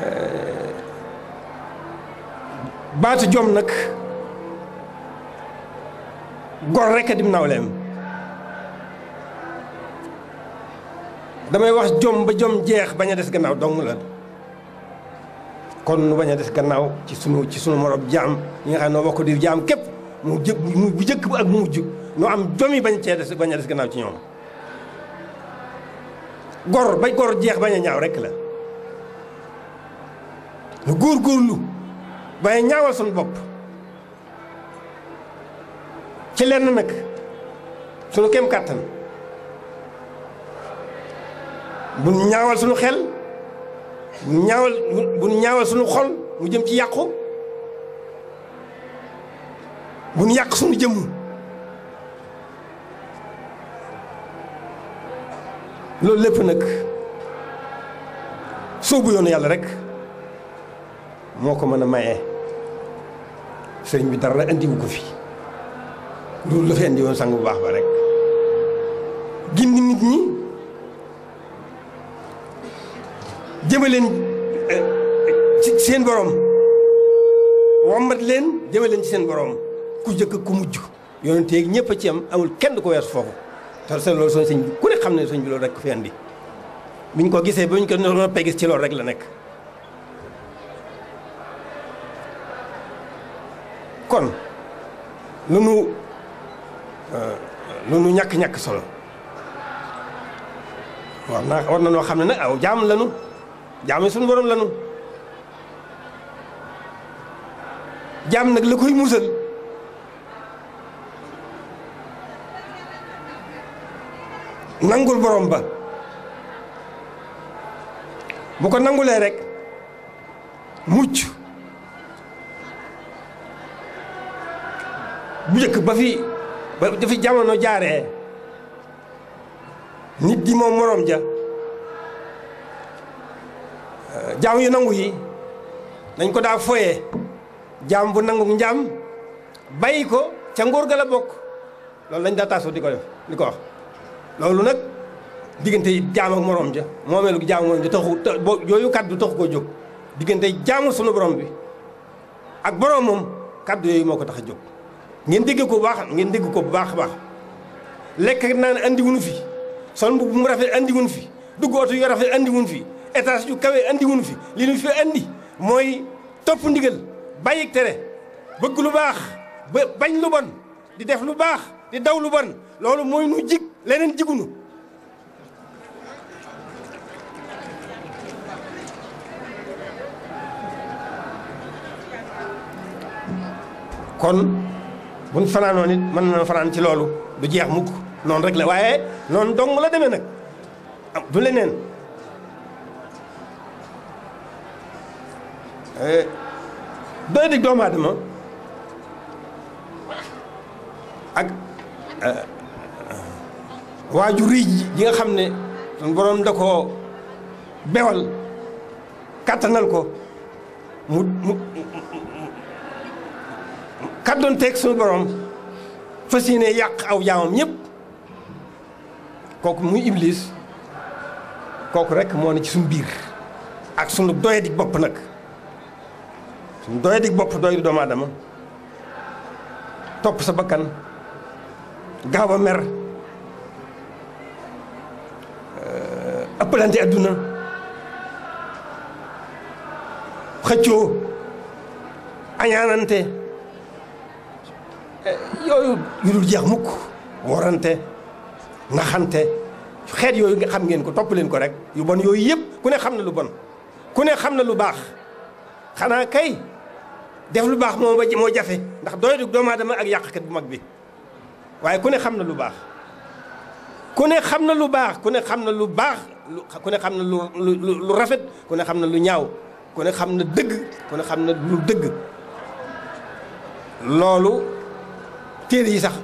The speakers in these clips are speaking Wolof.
Euh, baatu jom nag gor rekk a dim nawleem damay wax jom ba jom jeex bañ a des gannaaw dong la kon nu bañ a des gannaaw ci sunu ci sunu morom jaam ñu nga xam ne noo bokk di jaam képp mu jë bu jëkk ak mu mujj nu am jom yi bañ cee des bañ a des gannaaw ci ñoom gor ba gor jeex bañ a ñaaw rekk la nu góorgóorlu waaye ñaawal suñu bopp ci lenn nag suñu kem kàttan bu ñaawal suñu xel bu ñaawal bu ñaawal suñu xol mu jëm ci yàqu bu ñu yàq suñu jëmm loolu lépp nag soobu yoonu yàlla rekk moo ko mën a maye sëriñ bi dara andiwu ko fi loolu la fi andi woon sang bu baax ba rek gindi nit ñi jëmaleen eh, ci seen borom wombat leen jëmaleen ci seen borom ku jëkk ku mujj yoonu teeg ñëpp a ci am amul kenn du ko weesu foofu te sa loolu sëñ ku ne xam ne sëñ bi loolu rek ko fi andi biñ ko gisee boo ñu ko noppee gis ci loolu rek la nekk kon lu nu lu nu ñàkk-ñàkk euh, solo war naa na noo xam ne nag aw jaam lanu jaam yi suñu borom lanu jaam nag la koy musal nangul borom ba bu ko nangulee rek mucc bu jëkk ba fi ba dafi jamono jaare nit di moom moroom ja jaam yu nangu yi dañ ko daa foyee jaam bu nangu njaam bàyyi ko ca ngóor ga la bokk loolu lañ daa taasoo di ko def di ko wax loolu nag diggante jaam ak moroom ja moomeel gu jaam moroom ja taxu yooyu kaddu taxu koo jóg diggante jaamu sunu borom bi ak boroomam kaddu yooyu moo ko tax a jóg ngeen dégg ko bu baax ngeen dégg ko bu baax a baax lekk naan andi wuñu fi sol bu mu rafet andi wuñu fi dugg oto yu rafet andi wuñu fi étage yu kawe andi wuñu fi li ñu fi andi mooy topp ndigal bàyyi tere bëgg lu baax ba bañ lu bon di def lu baax di daw lu bon loolu mooy nu jig leneen jigunu kon buñ fanaanoo nit mën na fanaan ci loolu bu jeex mukk noonu rek la waaye noonu dong la demee nag du leneen eh, doy ak eh, waaju riij ji nga xam ne suñu borom da koo bewal kàttanal ko mu mu kàddoon teeg suñu borom fas yéene yàq aw jaamam ñëpp kooku muy iblis kooku rek moo ne ci suñu biir ak suñu doyadik bopp nag suñu doyadik bopp doy du doomu aadama topp sa bakkan gaaw a mer euh, ëppalante adduna xëccoo añaanante Eh, yooyu yu dul jeex mukk warante naxante xeet yooyu nga xam ngeen ko topp leen ko rek yu bon yooyu yëpp ku ne xam na lu bon ku ne xam na lu baax xanaa kay def lu baax moo moo jafe ndax doyatu doomu aadama ak yàqkat bu mag bi waaye ku ne xam na lu baax ku ne xam na lu baax ku ne xam na lu baax ku ne xam na lu lu rafet ku ne xam na lu ñaaw ku ne xam na dëgg ku ne xam na lu dëgg loolu téere yi sax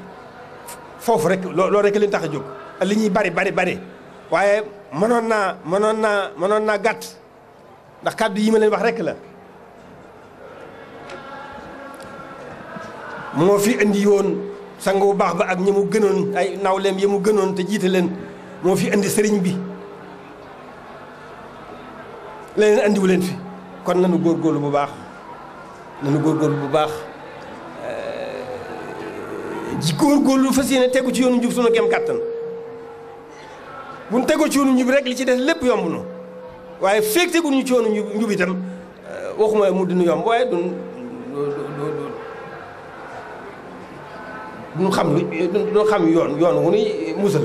foofu rek loolu rek leen tax a jóg li ñuy bari bari bari waaye mënoon naa mënoon naa mënoon na gàtt ndax kàddu yi ma leen wax rek la moo fi indi woon sang bu baax ba ak ñi mu gënoon ay nawleem yi mu gënoon te jiite leen moo fi indi sëriñ bi leneen andiwu leen fi kon nanu góorgóorlu bu baax nanu góorgóorlu bu baax lu fas yéene tegu ci yoonu njub sunu gem kàttan bu ñu tegu ci yoonu njub rek li ci des lépp yomb na waaye feeg teguñu ci yoonu njub njub itam waxuma mu dinu yomb waaye duñ duñ xam lu duñ xam yoon yoon wu nuy musal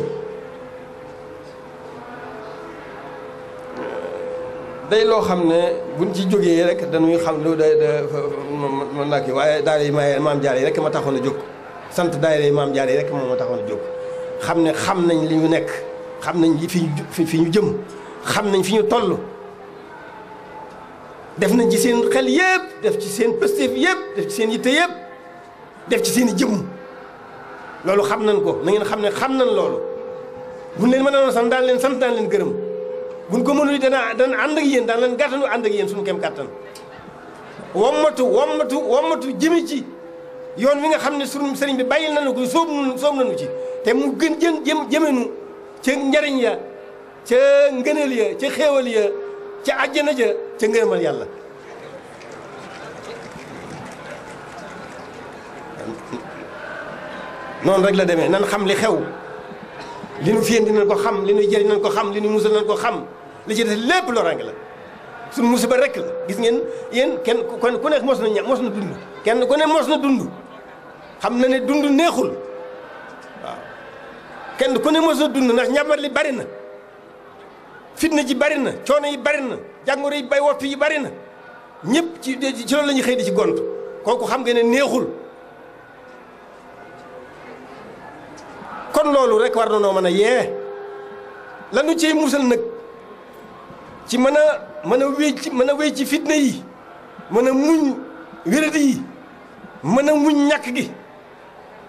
day loo xam ne buñ ci jógee rek dañuy xam lu day da mën naa kii waaye daal yi maye maam jaar yi rek ma taxoon a jóg sant daayira maam Jaara yi rek moom moo taxoon a jóg xam ne xam nañ li ñu nekk xam nañ fi fi ñu jëm xam nañ fi ñu toll def nañ ci seen xel yëpp def ci seen pëstéef yëpp def ci seen yitte yëpp def ci seen i jëmm loolu xam nañ ko na ngeen xam ne xam nañ loolu buñ leen mënoon sant daan leen sant daan leen gërëm buñ ko mënul dana dan ànd ak yéen daan leen gàttanu ànd ak yéen suñu kem kàttan wommatu wommatu wommatu jëmi yoon wi nga xam ne sunu sëriñ bi bàyyil nañu ko sóob nañu sóob nañu ci te mu gën jëm jëm jëmenu ca njariñ ya ca ngëneel ya ca xéewal ya ca àjjana ja ca ngërëmal yàlla noonu rek la demee nan xam li xew li nu fiyen dinañ ko xam li nu jëriñ nañ ko xam li nu musal nañ ko xam li ci des lépp loraange la suñ musiba rek la gis ngeen yéen kenn ku nekk mos na ña mos na dund kenn ku ne mos na dund xam na ne dund neexul waaw kenn ku ne mos na dund ndax ñamat li bari na fitna ji bari na coono yi bari na jàngoro yi bay wopp yi bari na ñëpp ci ci loolu la ñuy xëy di ci gont kooku xam nga ne neexul kon loolu rek war na noo mën a yee lanu ciy musal nag ci mën a mën a wéy mën a wéy ci fitna yi mën a muñ wéradi yi mën a muñ ñàkk gi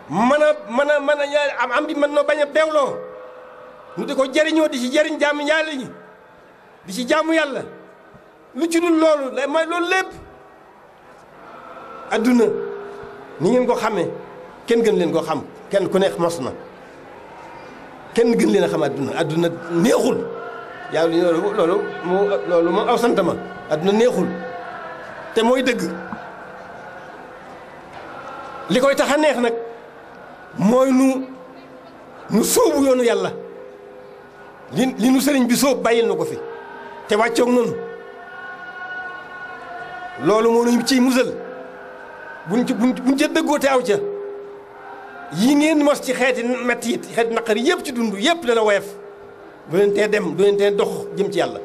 mën a mën a mën a am am di mën na bañ a beewloo nu di ko jëriñoo di ci jariñ jaamu yàlla ñi di ci jaamu yàlla lu ci dul loolu lay mooy loolu lépp adduna ni ngeen ko xamee kenn gën leen ko xam kenn ku nekk mos na kenn gën leen a xam adduna adduna neexul yàlla loolu loolu moo loolu moo aw adduna neexul te mooy dëgg li koy tax a neex nag mooy nu nu sóobu yoonu yàlla li li nu sëriñ bi sóob bàyyil na ko fi te wàccoog noonu loolu moo ñu ci musal buñ ci buñ ca dëggoo te aw ca yi ngeen mos ci xeeti metti it xeeti naqar yëpp ci dund yëpp dana woyef du leen tee dem du leen tee dox jëm ci yàlla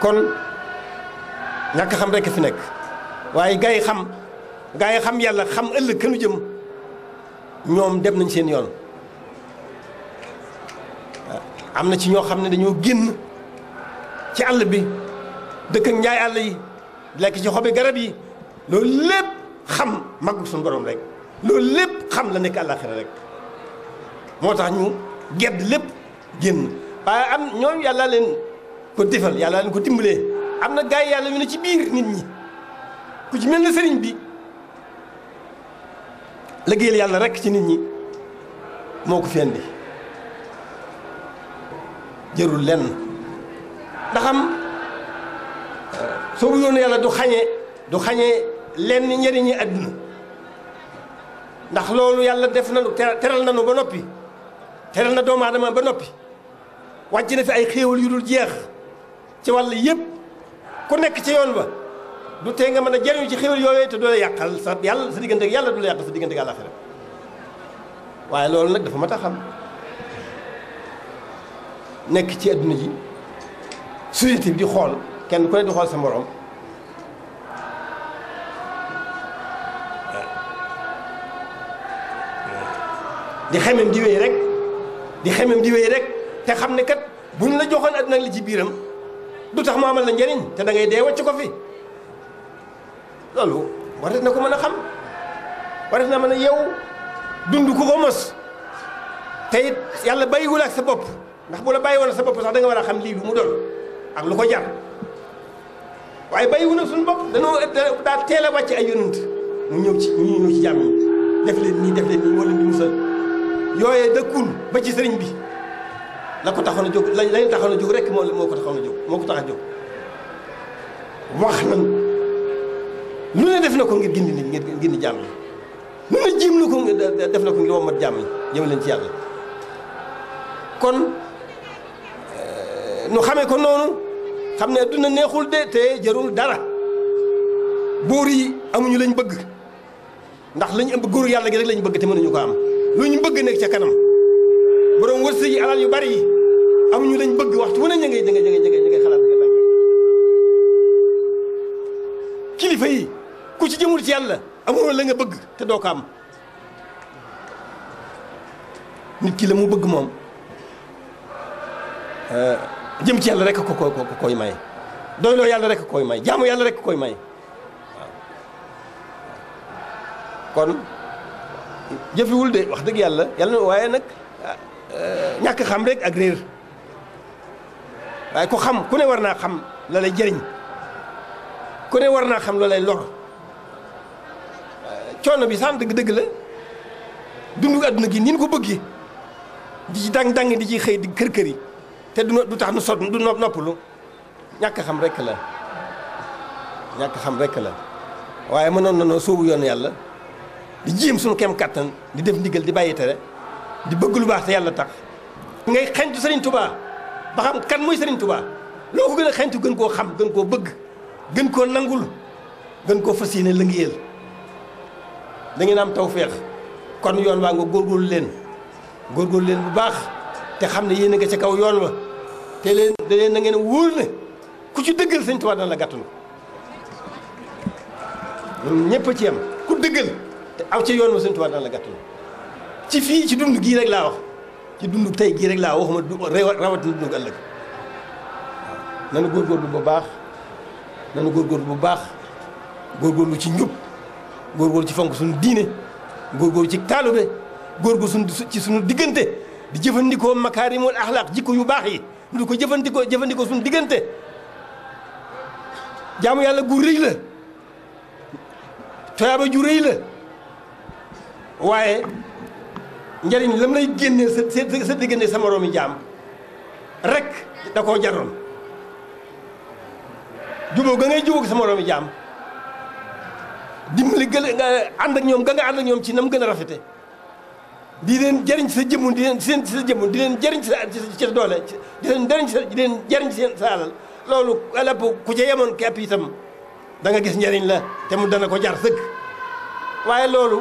kon ñàkk xam rekk fi nekk waaye gay xam gaa yi xam yàlla xam ëllëg kënu jëm ñoom dem nañ seen yoon ah, am na ci ñoo xam ne dañoo génn ci àll bi dëkk ak njaay àll yi lekk ci xobi garab yi loolu lépp xam màggul suñu borom rek loolu lépp xam la nekk àllaaxira rek moo tax ñu gedd lépp génn waaye am ñoom yàlla leen ko defal yàlla leen ko dimbalee am na gaa yi yàlla ñu ne ci biir nit ñi ku ci mel ne sëriñ bi liggéeyal yàlla rekk ci nit ñi moo ko fi andi jërul lenn ndaxam eh, soo bu yoonu yàlla du xañe du xañe lenn njëriñi àdduna ndax loolu yàlla def nanu teral nanu ba noppi teral na doomu aadama ba noppi wàcc na fi ay xéewal yu dul jeex ci wàll yépp ku nekk ci yoon ba du tee nga mën a jariñu ci xéwal yooyu te doo la yàqal sa yàlla sa diggante yàlla du la yàqal sa diggante àllaaxira waaye loolu nag dafa mat a xam nekk ci adduna ji société bi di xool kenn ku ne di xool sa moroom di xemem di wéy rek di xemem di wéy rek te xam ne kat bu ñu la joxoon adduna li ci biiram du tax mu amal la njariñ te da ngay dee wàcc ko fi loolu war na ko mën a xam war na mën a yow dund ku ko mos te it yàlla bàyyiwul ak sa bopp ndax bu la bàyyi woon sa bopp sax da war a xam lii lu mu doon ak lu ko jar waaye bàyyiwu na suñu bopp danoo daa teel a wàcc ay yonant mu ñëw ci mu ñëw ci jàmm def leen nii def leen nii moo leen di musal dëkkul ba ci sëriñ bi la ko taxoon a jóg la lañu taxoon a jóg rek moo moo ko taxoon a jóg moo ko tax a jóg wax nañ lu ne def na ko ngir gindi nit ngir gindi jàmm yi lu ne jéem na ko def na ko ngir wommat jàmm yi jëm leen ci yàlla kon eh, nu xamee ko noonu xam ne adduna neexul de te jarul dara buur yi amuñu lañ bëgg ndax lañ ëmb góoru yàlla gi rek lañ bëgg te ñu ko am lu ñu bëgg nekk ca kanam boro wërsëg yi alal yu bari yi amuñu lañ bëgg waxtu wu ne ña ngay ña ngay ña ngay xalaat kilifa yi ku ci jëmul ci yàlla amoo la nga bëgg te doo ko am nit ki la mu bëgg moom euh, jëm ci yàlla rek ko ko ko koy may doyloo yàlla rek koy may jaamu yàlla rek koy may kon jëfewul de wax dëgg yàlla yàlla waaye nag euh, ñàkk xam rek ak réer waaye ko xam ku ne war naa xam la lay jëriñ ku ne war naa xam la lay lor coono bi sax dëgg dëgg la dundu àdduna gi ni ñu ko bëggee di ci dang dang di ci xëy di kër kër te du du tax nu sot du noppalu ñàkk xam rekk la ñàkk xam rekk la waaye mënoon na noo sóobu yoon yàlla di jéem suñu kem kàttan di def ndigal di bàyyi tere di bëgg lu baax te yàlla tax ngay xentu Sëriñ Tuubaa ba xam kan mooy Sëriñ Tuubaa loo ko gën a xentu gën koo xam gën koo bëgg gën koo nangul gën koo fas yéene lëngiyeel da ngeen am tawféex kon yoon waa nga góorgóorlu leen góorgóorlu leen bu baax te xam ne yéen a nga ca kaw yoon wa te leen da leen ngeen wóor ne ku ci dëggal sëñ Tuubaa dana la gàttul ñun ñépp a ci yem ku dëggal te aw ci yoon wa sëñ Tuubaa dana la gàttul ci fii ci dund gii rek laa wax ci dund tey gii rek laa waxuma du rawatina dund ëllëg waaw nanu góorgóorlu bu baax nanu góorgóorlu bu baax góorgóorlu ci njub góorgóorlu ci fonk suñu diine góorgóorlu ci taalube góorgóorlu suñu ci suñu diggante di jëfandikoo makaarimul axlaaq jikko yu baax yi di ko jëfandikoo jëfandikoo suñu diggante jaamu yàlla gu rëy la toyaaba ju rëy la waaye njëriñ lam lay génnee sa sa diggante sa moroomi jaam rek da koo jaroon jubóo ga ngay jubóog sa moroomi jaam dimbali gën nga ànd ñoom ga nga ànd ñoom ci nam gën a rafete di leen jëriñ sa jëmm di leen seen ci sa jëmm di leen jëriñ sa ci sa doole di leen jëriñ sa di leen jëriñ seen sa alal loolu lépp ku ca yemoon képp itam da nga gis njëriñ la te mu dana ko jar sëkk waaye loolu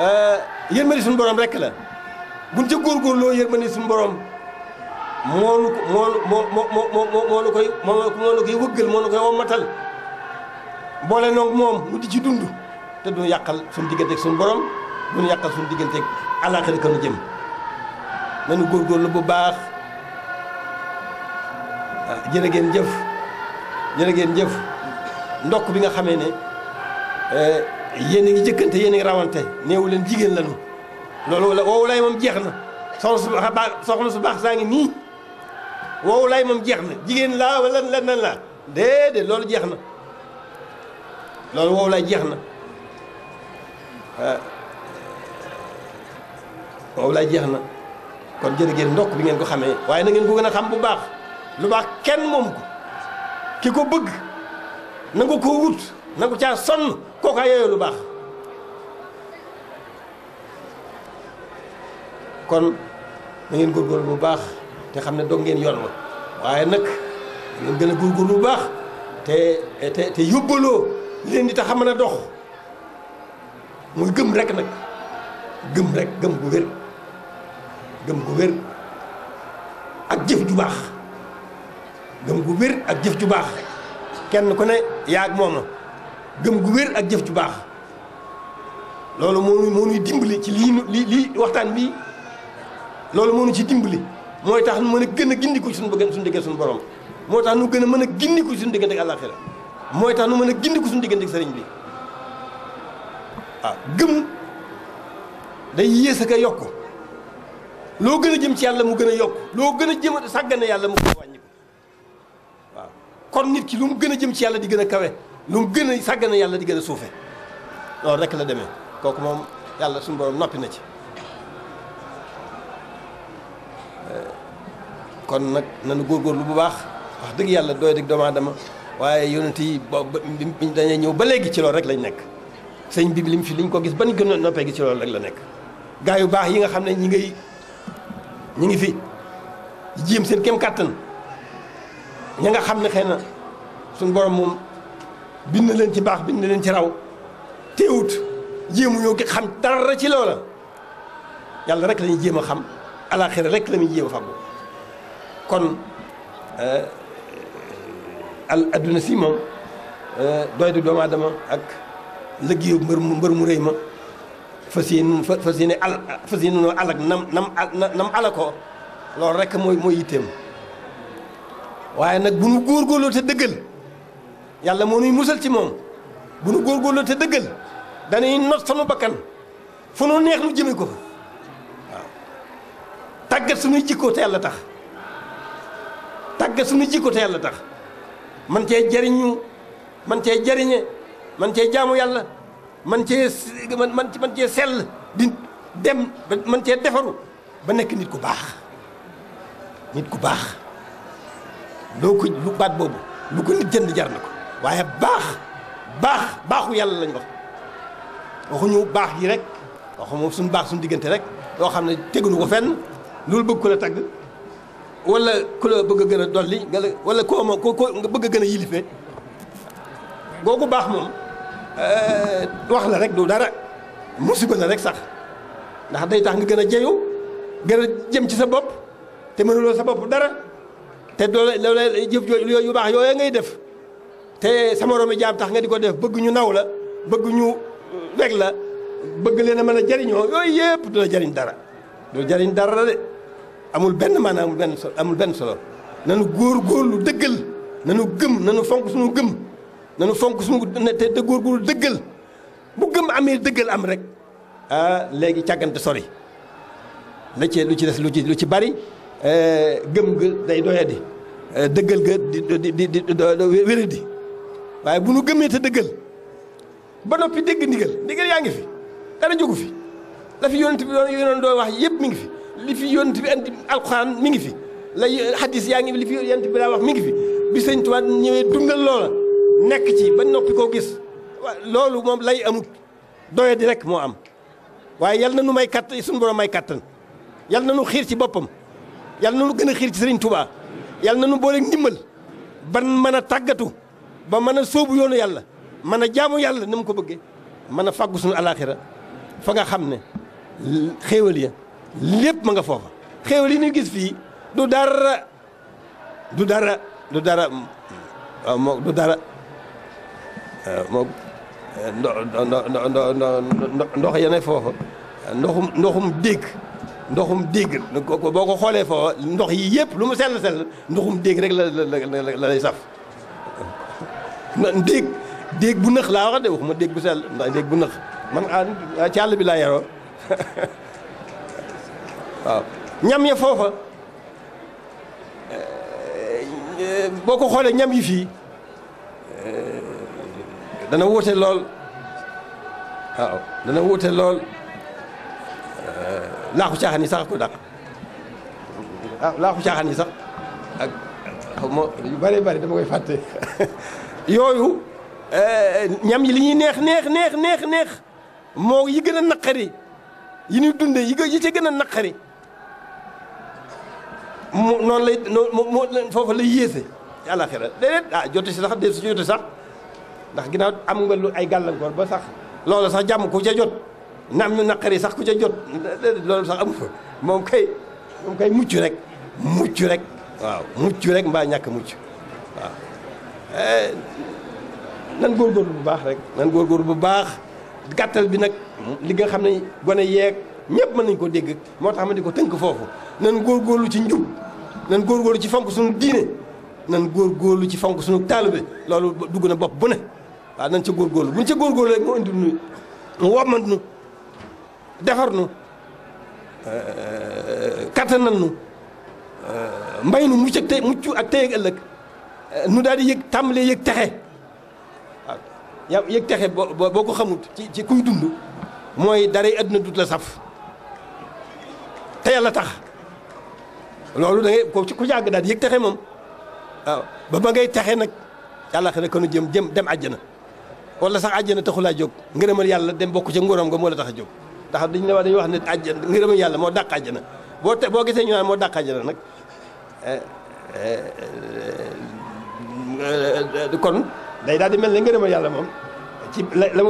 euh, yërmande suñu borom rek la buñ ca góorgóorloo yërmande suñu borom moo nu ko moo moo moo moo moo koy moo moo koy wëggal moo nu koy wommatal boole noog moom mu di ci dund te duñu yàqal suñu digganteeg suñu borom duñu yàqal suñu digganteeg àllaaxira ka nu jëm nañu góorgóorlu bu baax ah, jërë ngeen jëf jërë ngeen jëf ndok bi nga xamee ne eh, yéen a ngi jëkkante yéen a ngi rawante néewu leen jigéen lañu loolu la woowu lay moom jeex na soxna su baax soxna su baax saa ngi nii woowu lay moom jeex na jigéen la wala lan lan laa déedéet loolu jeex na loolu woowu lay jeex na woowu eh, lay jeex na kon jërë ngeen ndokk bi ngeen ko xamee waaye na ngeen ko gën a xam bu baax lu baax kenn moom ko ki ko bëgg nangu ko wut nangu caa sonn kooka yooyu lu baax kon na ngeen góorgóorlu bu baax te xam ne dog ngeen yoon wa waaye nag ngeen gën a góorgóorlu bu baax te te te yóbbaloo leen di tax a mën a dox muy gëm rek nag gëm rek gëm gu wér gëm gu wér ak jëf ju baax gëm gu wér ak jëf ju baax kenn ku ne yaag moom la gëm gu wér ak jëf ju baax loolu moo moo ñuy dimbali ci lii lii lii waxtaan bi loolu moo ñu ci dimbali mooy tax nu mën a gën a gindiku suñu bëgg suñu diggante suñu borom moo tax nu gën a mën a gindiku suñu diggante ak àllaaxira mooy tax nu mën a gindi ko suñu diggante sëriñ bi waaw gëm day yées ak yokk loo gën a jëm ci yàlla mu gën a yokk loo gën a jëm sàggane yàlla mu gën a wàññi waaw kon nit ki lu mu gën a jëm ci yàlla di gën a kawe lu mu gën a sàggane yàlla di gën a suufe loolu rek la deme kooku moom yàlla suñu borom noppi na ci eh, kon nag nanu góorgóorlu bu baax wax dëgg yàlla doy dëgg doomu waaye yonent yi boobu dañuy ñëw ba léegi ci loolu rek lañ nekk sëñ bi lim fi liñ ko gis ban gën a noppee gi ci loolu rek la nekk gaa yu baax yi nga xam ne ñi ngay ñi ngi fi jéem seen kem kàttan ña nga xam ne xëy na suñ borom moom bind leen ci baax bind leen ci raw teewut jéemuñoo ki xam dara ci loola yàlla rek la ñuy jéem a xam alaaxira rek la ñuy jéem a faggu kon euh, al adduna si moom euh, doy du doomu ak liggéeyu mbër mbër mu réy ma fas yéene fas yéene al fas noo alak nam nam nam ala ko loolu rek mooy mooy waaye nag bu nu góorgóorloo te dëggal yàlla moo nuy musal ci moom bu nu góorgóorloo te dëggal dañuy not sunu bakkan fu neex nu jëme ko fa waaw tàggat suñuy jikkoo te yàlla tax tàggat suñuy jikkoo te yàlla tax man cee jariñu man cee jariñe man cee jaamu yàlla man cee man man cee sell di dem ba man cee defaru ba nekk nit ku baax nit ku baax loo ko lu baat boobu lu ko nit jënd jar na ko waaye baax baax baaxu yàlla lañ wax waxuñu baax yi rek waxu moom suñu baax suñu diggante rek loo xam ne teguñu ko fenn loolu bëgg ko la tagg wala ku la bëgg gën a dolli nga wala koo ma ko nga bëgg a gën a yilife googu baax moom euh, wax la rek du dara musiba la rek sax ndax day tax nga gën a jeyu gën a jëm ci sa bopp te mënuloo sa bopp dara te loolu loolu jëf yooyu yu baax yooya ngay def te sa moroom yi jaam tax nga di ko def bëgg ñu naw la bëgg ñu weg la bëgg leen a mën a jariñoo yooyu yëpp du la jariñ dara du jariñ dara de amul benn maanaam amul benn solo amul benn solo nanu góor góorlu dëggal nanu gëm nanu fonk suñu gëm nanu fonk suñu te te góor góorlu dëggal bu gëm amee dëggal am rek ah, léegi càggante sori la ci lu ci des lu ci lu ci bari eh, gëm ga day doyadi eh, dëggal ga di di di wéradi waaye bu nu gëmee te dëggal ba noppi dégg ndigal yaa ngi fi dara jógu fi la fi yonent bi doon yonent wax yëpp mi ngi fi li fi yonent bi andi alxuraan mi ngi fi lay xadis yaa ngi li fi yonent bi daa wax mi ngi fi bi sëñ Tuubaa ñëwee dundal loola nekk ci ba noppi koo gis loolu moom lay amut doye di rek moo am waaye yal na nu may kattan suñu borom may kattan yal na nu xiir ci boppam yal na nu gën a xiir ci sëriñ Tuubaa yal na nu boole ndimbal ban mën a tàggatu ba mën a sóobu yoonu yàlla mën a jaamu yàlla ni mu ko bëggee mën a fàggu suñu alaaxira fa nga xam ne xéewal lépp ma nga foofa xew li ñu gis fii du dara du dara du dara waaw euh, moo du dara euh, moo ndo ndo ndo ndox yeneen foofa ndoxum ndoxum dégg ndoxum dégg boo ko xoolee foofa ndox yi yëpp lu mu sell sell ndoxum dég rek la la la lay saf dégg dégg bu nëx laa wax de waxuma dégg bu sell ndax bu nëx man a ah, ah, càll bi laa yaroo waaw ñam ya foofa eh, eh, boo ko xoolee ñam yi fii eh, dana wuute lool waaw dana wuute lool laaxu caaxaan yi sax ko dàq ah laaxu sax ak xaw yu bari bari dama koy fàtte yooyu ñam yi li ñuy neex neex neex neex neex yi gën a naqari yi ñuy dunde yi yi ca gën a naqari mu noonu lay mu foofa lay yéese ci àlaxira déedéet ah jotu si sax déet si jotu sax ndax gi ginnaaw am nga lu ay gàllankoor ba sax loolu sax jàmm ku ca jot na am naqari sax ku ca jot déedéet loolu sax amu fa moom kay moom kay mucc rek mucc rek waaw mucc rek mbaa ñàkk mucc waaw eh, nan góorgóorlu bu baax rek nan góorgóorlu bu baax gàttal bi nag li nga xam ne gone yeeg ñëpp mën nañ ko dégg moo tax ma di ko tënk foofu góor góorgóorlu ci njub góor góorgóorlu ci fonk suñu diine nan góorgóorlu ci fonk suñu taalibe loolu dugg na bopp bu ne waaw nan ca góorgóorlu buñ ca góorgóorlu rek mu indil nu mu wommat nu defar nu euh, kattanal nu euh, mbay nu mucc ak tey mucc ak tey euh, nu daal di yëg tàmbalee yëg texe waaw yëg texe boo ko xamut ci ci kuy dund mooy daray àdduna dut la saf te yàlla tax loolu da ngay ci ku ci àgg daal yëg texe moom ba ba ngay taxe nag yàlla xëy na kanu jëm jëm dem àjjana wala sax àjjana taxu laa jóg ngërëmal yàlla dem bokk ci nguuram nga moo la tax a jóg ndax dañ ne wax dañuy wax ne àjjana ngërëmal yàlla moo dàq boo te boo gisee ñu moo dàq àjjana nag eh, eh, eh, kon daal di mel ne ngërëmal yàlla moom ci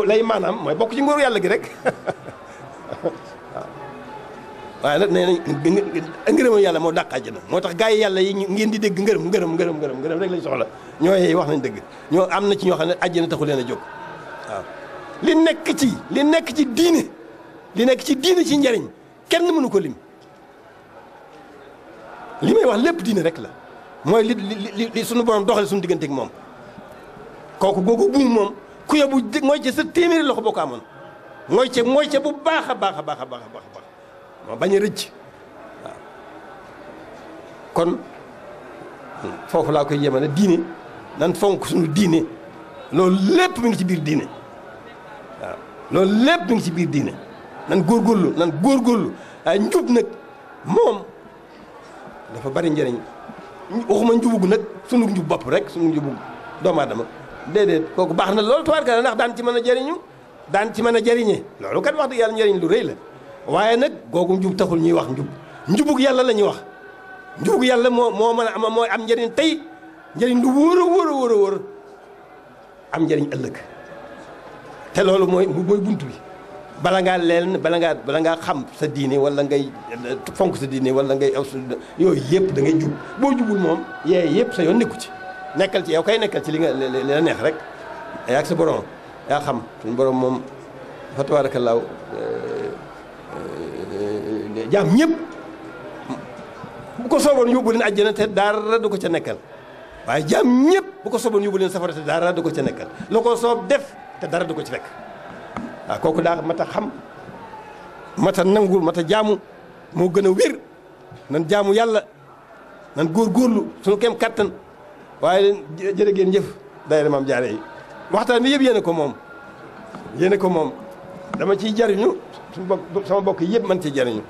lay maanaam mooy bokk ci nguuru yàlla gi rek waaye nag nee nañ ngërëmu yàlla moo dàq àjjana moo tax gars yi yàlla yi ngeen di dégg ngërëm ngërëm ngërëm ngërëm ngërëm rek lañ soxla ñooy wax nañ dëgg ñoo am na ci ñoo xam ne àjjana taxu leen a jóg waaw li nekk ci li nekk ci diine li nekk ci diine ci njariñ kenn mënu ko lim li may wax lépp diine rek la mooy li li li suñu borom doxale suñu digganteeg moom kooku googu buum moom ku yobu mooy ci sa téeméeri loxo boo ko amoon mooy ci mooy ci bu baax a baax a baax a baax a baax ma bañ a rëcc kon foofu laa ko koy yemale diine nan fonk suñu diine loolu lépp mi ngi ci biir diine waaw loolu lépp mi ngi ci biir diine nan góorgóorlu nan góorgóorlu ay njub nag moom dafa bari njëriñ waxuma njubug nag sunu njub bopp rek sunu njubug doomu aadama déedéet kooku baax na loolu tubaarkalla nax daan ci mën a jëriñu daan ci mën a jëriñe loolu ka wax dëgg yàlla njëriñ lu rëy la waaye nag googu njub taxul ñuy wax njub njubug yàlla la ñuy wax njubug yàlla moo moo mën a am mooy am njëriñ tey njëriñ lu wóor a wóor am njëriñ ëllëg te loolu mooy mooy bunt bi bala ngaa leen bala ngaa bala ngaa xam sa diine wala ngay eh, fonk sa diine wala ngay aw yooyu yëpp da ngay jub boo jubul moom yee yëpp sa yoon nekku ci nekkal ci yow kay nekkal ci li nga li la neex rek yaa ak sa borom yaa xam suñu borom moom fa tabaarakallaahu eh, jaam ñëpp bu ko sooboon yóbbu leen àjjana te dara du ko ca nekkal waaye jaam ñëpp bu ko sooboon yóbbu leen safara te dara du ko ca nekkal la ko soob def te dara du ko ci fekk waaw kooku daa mat a xam mat a nangu mat a jaamu moo gën a wér nan jaamu yàlla nan góor góorlu suñu kem kattan waaye jërë ngeen jëf daayira Maam jaare waxtaan bi yëpp yéene ko moom yéene ko moom dama ciy jariñu suñu bokk sama bokk yëpp man ciy jariñu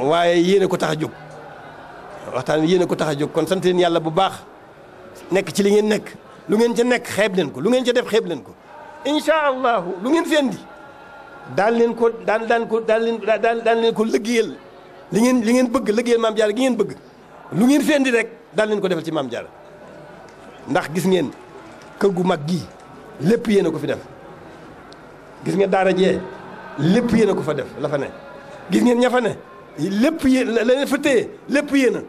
waaye yéene a ko tax a jóg waxtaan yéen a ko tax a jóg kon sant leen yàlla bu baax nekk ci li ngeen nekk lu ngeen ca nekk xeeb leen ko lu ngeen ca def xeeb leen ko incha allahu lu ngeen feen di daan leen ko daal daan ko daan leen daan daan leen ko liggéeyal li ngeen li ngeen bëgg liggéeyal maam Diarra gi ngeen bëgg lu ngeen feen di rek daan leen ko defal ci maam Diarra ndax gis ngeen kër gu mag gi lépp yéen ko fi def gis ngeen daara jee lépp yéen ko fa def la fa ne gis ngeen ña ne lépp yéen la leen fa téye lépp yéen a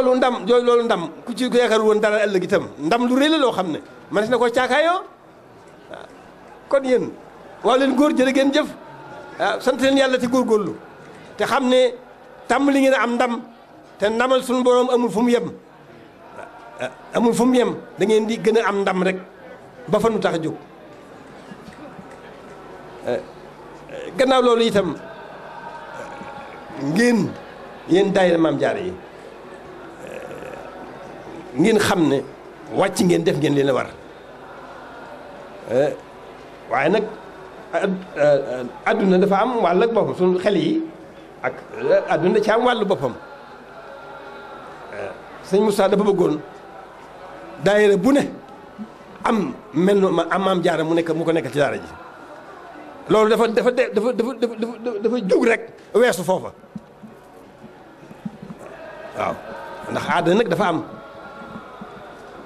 loolu ndam yooyu loolu ndam ku ci yaakaar woon dara ëllëg itam ndam lu rëy la loo xam ne man na ko caakaayoo waaw kon yéen waaw leen góor jërë ngeen jëf waaw sant leen yàlla te góorgóorlu te xam ne tàmm li ngeen am ndam te ndamal suñu boroom amul fu mu yem amul fu mu yem dangeen di gën a am ndam rek ba fa nu tax jóg gannaaw loolu itam ngeen yéen daayira maam jaara yi ngeen xam ne wàcc ngeen def ngeen leen a war waaye nag adduna dafa am wàll ak boppam suñu xel yi ak adduna ci am wàllu boppam sëñ Moussa dafa bëggoon daayira bu ne am mel ma am maam jaara mu nekk mu ko nekkal ci daara ji loolu dafa dafa dafa dafa dafa dafa jug rek weesu foofa waaw ndax nag dafa am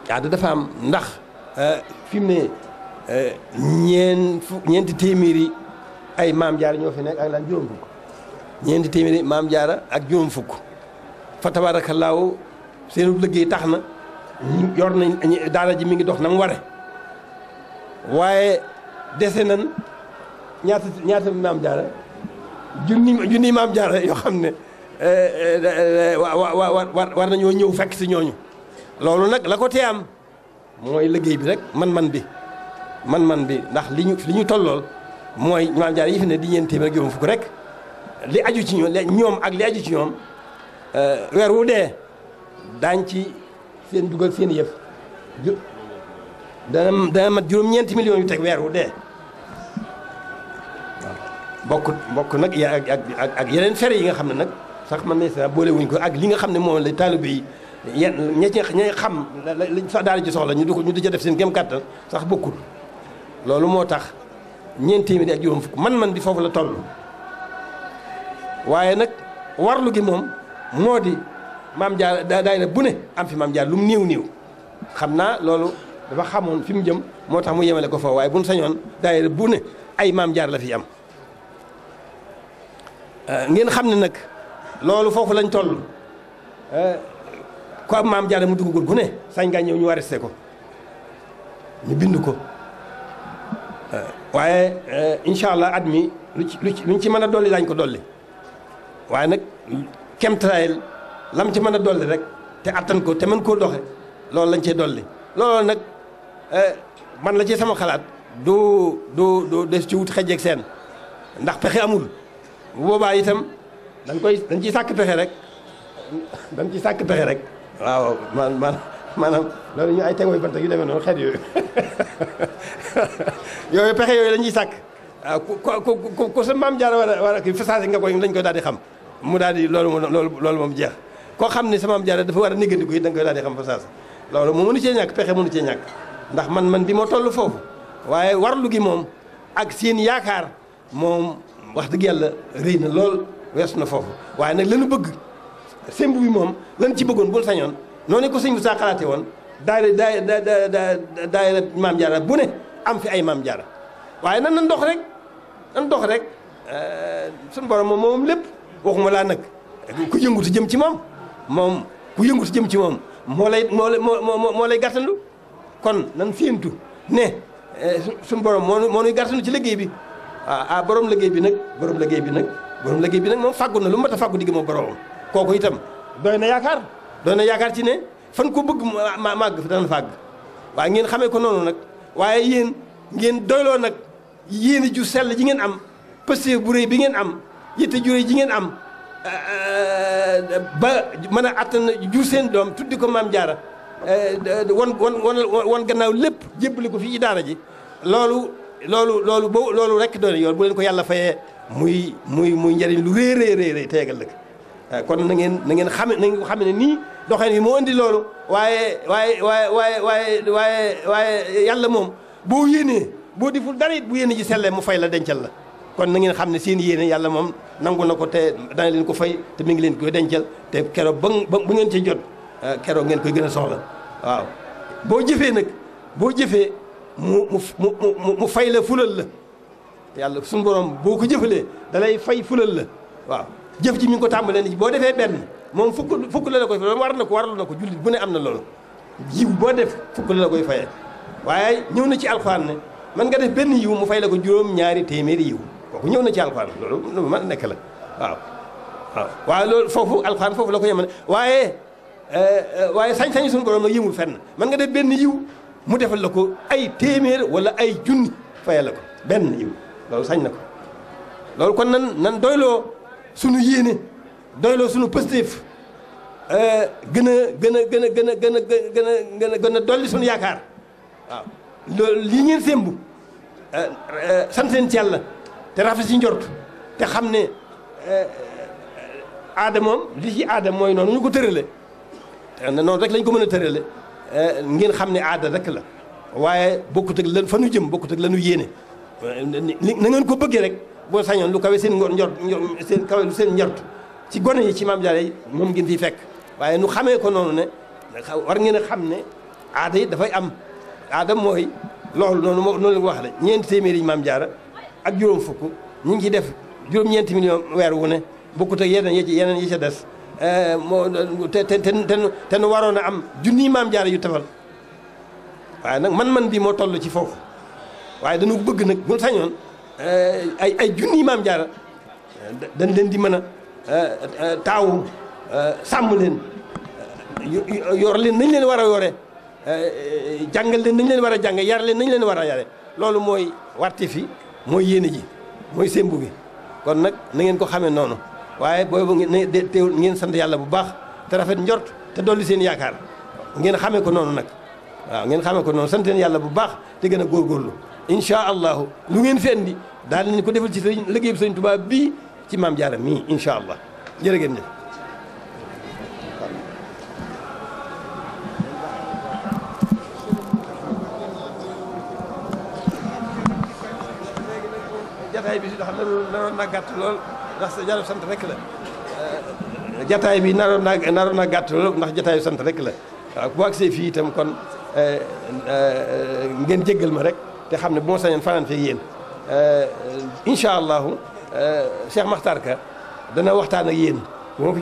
aada dafa am ndax euh, fi mu ne euh, ñeen fu ñeenti téeméeri ay maam jaara ñoo fi nekk ak lan juróom fukk ñeenti téeméeri maam jaara ak juróom fukk fa laaw seen liggéey tax na yor nañ daara ji mi ngi dox nam ware waaye dese nan ñaata ñaata maam jaara junni junni maam jaara yoo xam ne eh, eh, eh, wa war nañoo ñëw fekk si ñooñu loolu nag la ko tee am mooy liggéey bi rek man-man bi man-man bi ndax li ñu li ñu tollool mooy maam jaara yi fi ne di ñeen téeméer ak juróom fukk rek li aju ci ñoom ñoom ak li aju ci ñoom weer wu dee daañ ci seen dugal seen yëf dana dana mat juróom-ñeenti million yu teg weer wu dee bokk bokk nag ak ak ak yeneen fere yi nga xam ne nag sax man ne sa boole wuñ ko ak li nga xam ne moom la taalibe yi yenn ña ci ña xam lañ sax daal ci soxla ñu di ko ñu di ca def seen gem kàttan sax bokkul loolu moo tax ñeent téeméeri ak juróom fukk man-man bi foofu la toll waaye nag warlu gi moom moo di maam jaar daayira bu ne am fi maam jaar lu mu néew niiw xam naa loolu dafa xamoon fi mu jëm moo tax mu yemale ko foofu waaye buñ sañoon daayira bu ne ay maam jaar la fi am Euh, ngeen xam ne nag loolu foofu lañ toll euh, ko am maam jaare mu dugg gu ne sañ ngaa ñëw ñu arrêté ko ñu bind ko euh, waaye incha allah at mi lu ci luñ ci mën a dolli daañu ko dolli waaye nag kemtraayel lam ci mën a dolli rek te attan ko te mën koo doxe loolu lañ cee dolli loolu nag man la ci sama xalaat doo doo doo des ci wut xëj ak seen ndax pexe amul bu boobaa itam dañ koy dañ ciy sàkk pexe rek dañ ciy sàkk pexe rek waaw man man maanaam loolu ñu ay tegooy bant yu demee noonu xeet yooyu yooyu pexe yooyu la ñuy sàkk waaw ah, ku ku ku sa maam jaar war a war a kii fasaase nga koy dañ koy daal di xam mu daal di loolu loolu loolu moom jeex koo xam ni sa maam jaar dafa war a néggandiku it da nga koy daal di xam fasaase loolu mu mënu cee ñàkk pexe mënu cee ñàkk ndax man man bi ma toll foofu waaye warlu gi moom ak seen yaakaar moom wax dëgg yàlla rëy na lool weesu na foofu waaye nag lanu bëgg sëmb bi moom lan ci bëggoon bul sañoon noonu ko sëñ bi saa woon daayira daayira daayira maam jaara bu ne am fi ay maam jaara waaye nan nan dox rek nan dox rek euh, suñu borom moom moom lépp waxuma laa nag ku yëngutu jëm ci moom moom ku yëngutu jëm ci moom moo lay moo lay moo lay gàttandu kon nan séentu ne euh, suñu borom moo moo nuy gàttandu ci liggéey bi Ah, ah borom liggéey bi nag borom liggéey bi nag borom liggéey bi nag moom fàggu na lu mat a fàggu digg moom boromam kooku itam doy na yaakaar doy na yaakaar ci ne fan ko bëgg ma màgg fa dana fàgg waa ngeen xamee ko noonu nag waaye yéen ngeen doyloo nag yéene ju sell ji ngeen am pëste bu réy bi ngeen am yitte ju ji ngeen am eh, eh, ba mën a attan jur seen doom tuddi ko maam jaara eh, wan wan wan won ganaaw lépp jébbali ko fi ci daara ji loolu loolu loolu boo loolu rek doon yoon boo leen ko yàlla fayee muy muy muy njariñ lu rëy rëy rëy teegal lëkk eh, kon na ngeen na ngeen xam na ngeen xam ne nii doxeen yi moo indi loolu waaye waaye waaye waaye waaye waaye waaye yàlla moom boo yéenee boo deful dara it bu yéene ji sellee mu fay la dencal la kon na ngeen xam ne seen yéene yàlla moom nangu na ko te dana leen ko fay te mi ngi leen koy dencal te keroog ba ba ngeen ci jot eh, keroo ngeen koy gën a soxla waaw boo jëfee nag boo jëfee mu mu mu mu fay la la yàlla suñu borom boo ko jëfalee da fay fulal la waaw jëf ji mi ko tàmbalee ni boo defee benn moom fukk fukk la la war na ko waral na ko jullit bu ne am na loolu yiw boo def fukk koy fayee waaye ñëw na ci alxuraan ne man nga def benn yiw mu fay la ko juróom ñaari téeméeri yiw kooku ñëw na ci alxuraan loolu lu mën na nekk waaye loolu foofu alxuraan foofu la ko yemale waaye eh, eh, waaye sañ-sañ suñu borom nag yëmul fenn man nga def benn yiw mu defal la ko ay téeméer wala ay junni fayal la ko benn yiw loolu sañ na ko loolu kon nan nan doyloo sunu yéene doyloo sunu positif euh, gën a gën a gën a gën a gën a gën a gën a gën a dolli sunu yaakaar waaw loolu lii ngeen sémbu euh, euh, sant leen ci te rafet ci njort te xam ne aada moom li ci aada mooy noonu ñu ko tërale te noonu rek lañ ko mën a tërale Eh, ngeen xam ne aada rek la waaye bokkut ak lan fa nu jëm bokkut ak lanu yéene na ngeen ko bëggee rek boo sañoon lu kawe seen njort seen kawe seen njort ci gone yi ci maam jaare yi moom ngeen fi fekk waaye nu xamee ko noonu ne war ngeen a xam ne aada yi dafay am aada mooy loolu noonu moo noonu la wax rek ñeenti téeméeri maam jaara ak juróom fukk ñu ngi ciy def juróom-ñeenti million weer wu ne bokkut ak yeneen yi ci yeneen yi ca des Eh, moo te te te nu waroon a am junniy maam jaara yu tefal waaye nag man-man bi moo toll ci foofu waaye dañu bëgg nag bu sañoon eh, ay ay junniy maam jaara eh, dañ leen di mën a taawu sàmm leen yor leen nañ leen war a yore jàngal leen nañ leen war a jàng yar leen nañu leen war a yare loolu mooy warti fi mooy yéene ji mooy sémbu kon nag na ngeen ko xamee noonu waaye boobu ngeen teewul ngeen sant yàlla bu baax te rafet njort te dolli seen yaakaar ngeen xamee ko noonu nag waaw ngeen xamee ko noonu sant leen yàlla bu baax te gën a góorgóorlu incha allahu lu ngeen fi indi daal nañ ko defal ci sëriñ liggéey bi sëriñ bii ci maam Jaara mii incha allah jërë ngeen jëf lool ndax jaaro sant rek la eh, jataay bi naroon naa naroon naa gàtt loolu ndax jataayu sant rek la waaw boo agsee fii itam kon eh, eh, ngeen jéggal ma rek te xam ne bu ma sañoon fanaan fee yéen incha allahu Cheikh Makhtar Ka dana waxtaan ak yéen bu ma fi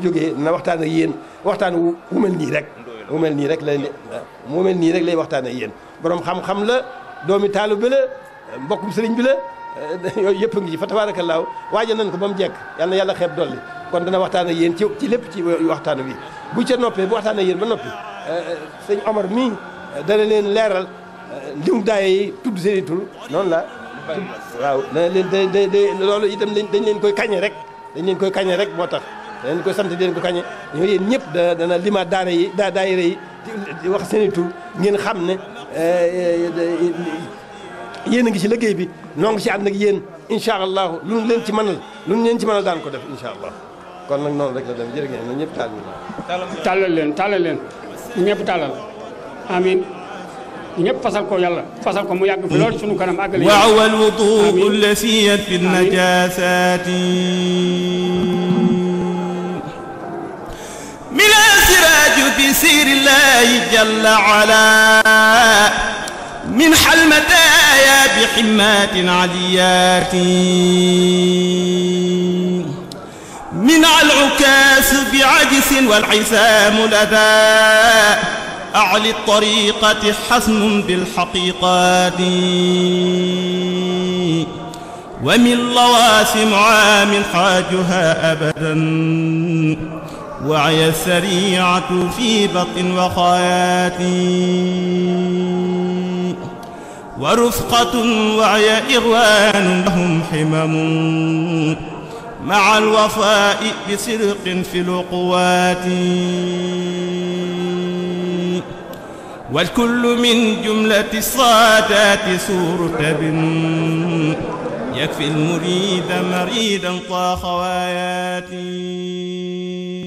waxtaan ak yéen waxtaan wu mel nii rek mu mel nii rek lay nii rek lay waxtaan ak yéen borom xam-xam la doomi taalu bi la mbokkum sëriñ bi la yooyu yëpp ngi ci fa tabaarakallaahu waaja nañ ko ba mu jekk yal na yàlla xeeb dolli kon dana waxtaan ak yéen ci ci lépp ci waxtaan wi bu ca noppee bu waxtaan ak yéen ba noppi euh, sëñ Omar mi euh, dana leen leeral euh, limu daay yi tudd seen tur noonu la waaw dana da loolu itam dañ leen koy kañe rek dañ leen koy kañe rek moo tax dañ leen koy sant di ko kañe ñoo yéen ñëpp da dana lima daara yi da daayira yi wax seen i tur ngeen xam ne yéen a ngi ci liggéey bi noo ngi ci ànd ak yéen incha leen ci mënal lu ñu ci mënal daan ko def incha allah kon nag noonu rek la dem jërë leen tàllal leen ñëpp tàllal amin ñëpp fasal ko yàlla fasal ko mu yàgg fi lool sunu kanam àggale waawa alwudu lafiyat fi najasaati min fi siirillahi jalla min xalmataaya bi ximaatin adiyaati min alukaas bi ajisin wal xisaamu ladaa acli tariqati xasmun bil xaqiiqaati wa min lawaasimihaa min xaajuhaa abadan wa hiya sariicatu fii batin wa xayaati ورفقة وعي إغوان لهم حمم مع الوفاء بصدق في العقوات والكل من جملة الصادات سورة يكفي المريد مريدا طاخواتي